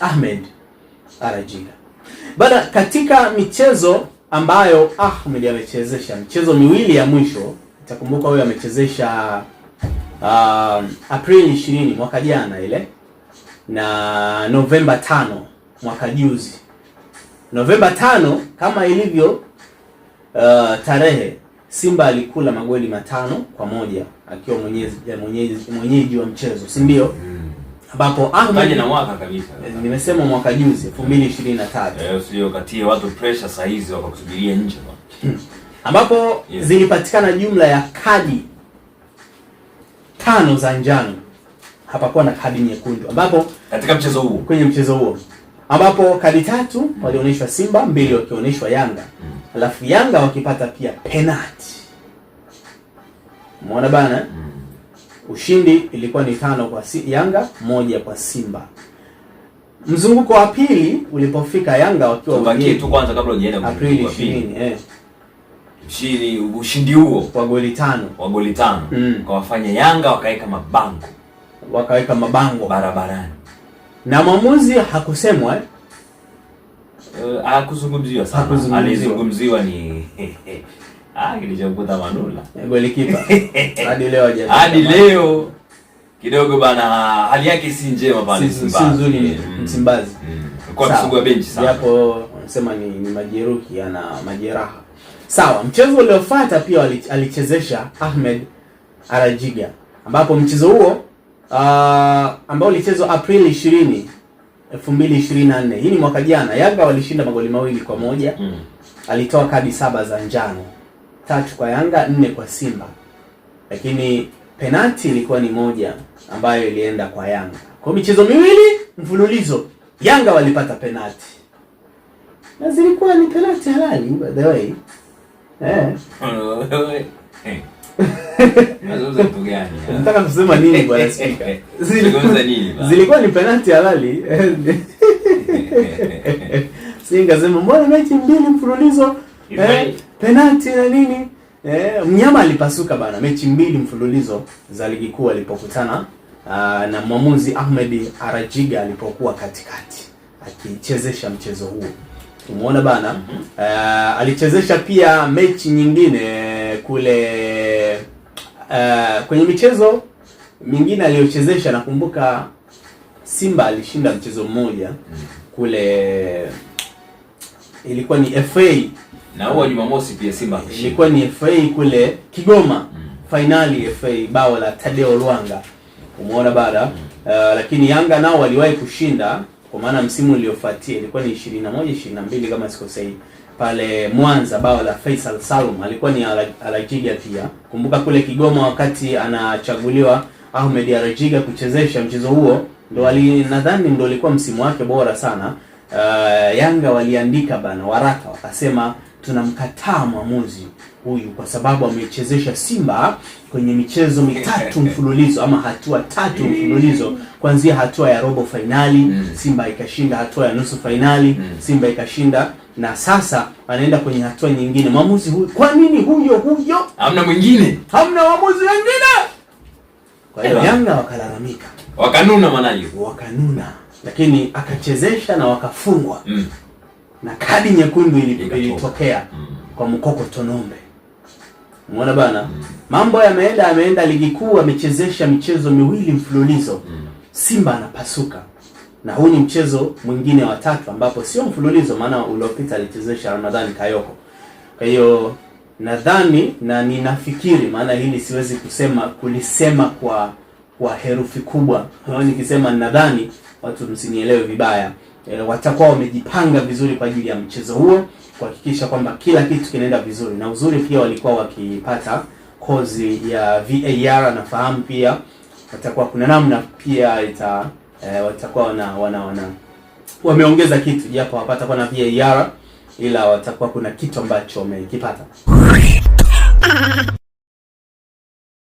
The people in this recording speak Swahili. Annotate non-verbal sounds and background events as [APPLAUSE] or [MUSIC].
Ahmed Arajira. Bada katika michezo ambayo Ahmed amechezesha michezo miwili ya mwisho, itakumbuka huyo amechezesha uh, Aprili 20 mwaka jana ile na Novemba 5 mwaka juzi. Novemba 5 kama ilivyo uh, tarehe Simba alikula magoli matano kwa moja akiwa mwenyeji mwenyeji wa mchezo, si ndio? ambapo Ahmed na mwaka kabisa. Eh, Nimesema mwaka juzi 2023. Eh, sio katie watu pressure saa hizi wakakusubiria nje bwana. Hmm. Ambapo yes, zilipatikana jumla ya kadi tano za njano. Hapakuwa na kadi nyekundu ambapo katika mchezo huo, kwenye mchezo huo ambapo kadi tatu mm, walionyeshwa Simba, mbili wakionyeshwa Yanga. Mm. Alafu Yanga wakipata pia penalty. Umeona bana? Mm. Ushindi ilikuwa ni tano kwa si Yanga moja kwa Simba. Mzunguko wa pili ulipofika Yanga wakiwa wenyeji tu kwanza, kabla hujaenda Aprili 20 eh, ushindi ushindi huo kwa goli tano kwa goli tano mm, kwa wafanya Yanga wakaweka mabango wakaweka mabango barabarani na mwamuzi hakusemwa eh? Uh, hakuzungumziwa sana, alizungumziwa ni [LAUGHS] Ah, kilichomkuta Manula [LAUGHS] golikipa hadi leo hadi leo kidogo bana, hali yake si njema pale, si nzuri mm, Msimbazi mm. kwa benchi sana, japo ni, ni majeruhi ana majeraha sawa. Mchezo uliofuata pia alichezesha Ahmed Arajiga, ambapo mchezo huo uh, ambao ulichezwa Aprili 20 2024, hii ni mwaka jana. Yanga walishinda magoli mawili kwa moja mm. alitoa kadi saba za njano tatu kwa Yanga, nne kwa Simba, lakini penati ilikuwa ni moja ambayo ilienda kwa Yanga. Kwa michezo miwili mfululizo Yanga walipata penati na zilikuwa ni penati halali by the way eh. Oh, eh. [LAUGHS] eh? Nataka kusema nini bwana [LAUGHS] spika? Zilikuwa ni penati halali. [LAUGHS] Singa sema mbona mechi mbili mfululizo eh? penalti na nini eh, mnyama alipasuka bana. Mechi mbili mfululizo za ligi kuu alipokutana ah, na mwamuzi Ahmed Arajiga alipokuwa katikati akichezesha mchezo huo umeona bana mm -hmm. Uh, alichezesha pia mechi nyingine kule uh, kwenye michezo mingine aliyochezesha, nakumbuka Simba alishinda mchezo mmoja kule, ilikuwa ni FA na huo Jumamosi pia Simba ilikuwa ni FA kule Kigoma mm. finali FA bao la Tadeo Lwanga umeona baada mm. Uh, lakini Yanga nao waliwahi kushinda kwa maana msimu uliofuatia ilikuwa ni 21 22 kama sikosei pale Mwanza bao la Faisal Salum alikuwa ni Alajiga pia. Kumbuka kule Kigoma wakati anachaguliwa Ahmed Alajiga kuchezesha mchezo huo, ndo nadhani ndo ulikuwa msimu wake bora sana. Uh, Yanga waliandika bana waraka wakasema tunamkataa mwamuzi huyu kwa sababu amechezesha Simba kwenye michezo mitatu [LAUGHS] mfululizo ama hatua tatu mfululizo, kuanzia hatua ya robo fainali mm. Simba ikashinda, hatua ya nusu fainali mm. Simba ikashinda, na sasa anaenda kwenye hatua nyingine. Mwamuzi huyu, kwa nini huyo huyo? Hamna mwingine, hamna waamuzi wengine. Kwa hiyo Yanga wakalalamika, wakanuna, manayo wakanuna, lakini akachezesha na wakafungwa mm na kadi nyekundu ilitokea mm. kwa Mkoko Tonombe. mwana bana mm. mambo yameenda ameenda ligi kuu amechezesha michezo miwili mfululizo mm. Simba anapasuka na huu ni mchezo mwingine wa tatu ambapo sio mfululizo, maana uliopita alichezesha Ramadhani Kayoko. Kwa hiyo nadhani na ninafikiri, maana hili siwezi kusema kulisema kwa kwa herufi kubwa, nikisema nadhani watu msinielewe vibaya e, watakuwa wamejipanga vizuri kwa ajili ya mchezo huo kuhakikisha kwamba kila kitu kinaenda vizuri, na uzuri pia walikuwa wakipata kozi ya VAR. Nafahamu pia watakuwa kuna namna pia ita e, watakuwa wana, wana, wana wameongeza kitu japo kwa na VAR ila watakuwa kuna kitu ambacho wamekipata.